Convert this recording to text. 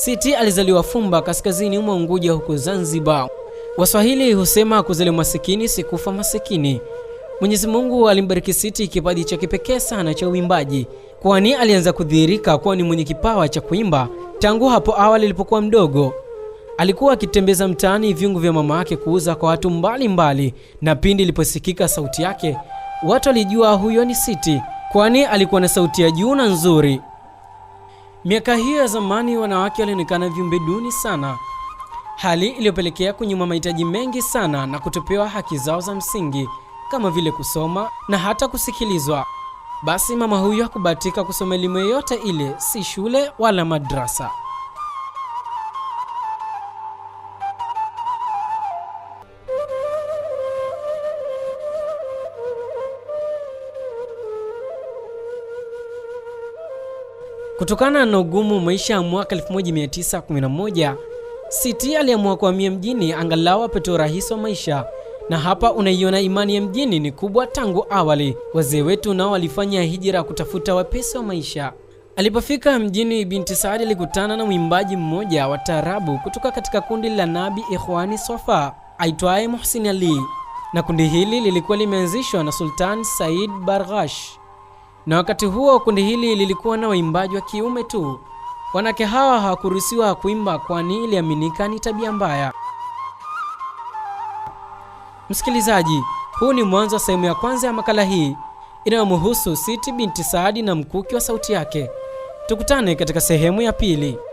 Siti alizaliwa Fumba, kaskazini mwa Unguja, huko Zanzibar. Waswahili husema kuzaliwa masikini si kufa masikini. Mwenyezi Mungu alimbariki Siti kipaji cha kipekee sana cha uimbaji, kwani alianza kudhihirika kuwa ni mwenye kipawa cha kuimba tangu hapo awali alipokuwa mdogo. Alikuwa akitembeza mtaani viungo vya mama yake kuuza kwa watu mbalimbali mbali, na pindi iliposikika sauti yake watu walijua huyo ni Siti, kwani alikuwa na sauti ya juu na nzuri. Miaka hiyo ya zamani, wanawake walionekana viumbe duni sana, hali iliyopelekea kunyimwa mahitaji mengi sana na kutopewa haki zao za msingi kama vile kusoma na hata kusikilizwa. Basi mama huyu hakubahatika kusoma elimu yoyote ile, si shule wala madrasa. Kutokana na ugumu maisha ya mwaka 1911, Siti aliamua kuhamia mjini angalau apate urahisi wa maisha, na hapa unaiona imani ya mjini ni kubwa tangu awali. Wazee wetu nao walifanya hijira kutafuta wepesi wa maisha. Alipofika mjini, binti Saadi alikutana na mwimbaji mmoja wa taarabu kutoka katika kundi la Nabi Ikhwani Sofa aitwaye Muhsin Ali, na kundi hili lilikuwa limeanzishwa na Sultan Said Barghash. Na wakati huo kundi hili lilikuwa na waimbaji wa kiume tu. Wanawake hawa hawakuruhusiwa kuimba, kwani iliaminika ni tabia mbaya. Msikilizaji, huu ni mwanzo wa sehemu ya kwanza ya makala hii inayomhusu Siti binti Saadi na mkuki wa sauti yake. Tukutane katika sehemu ya pili.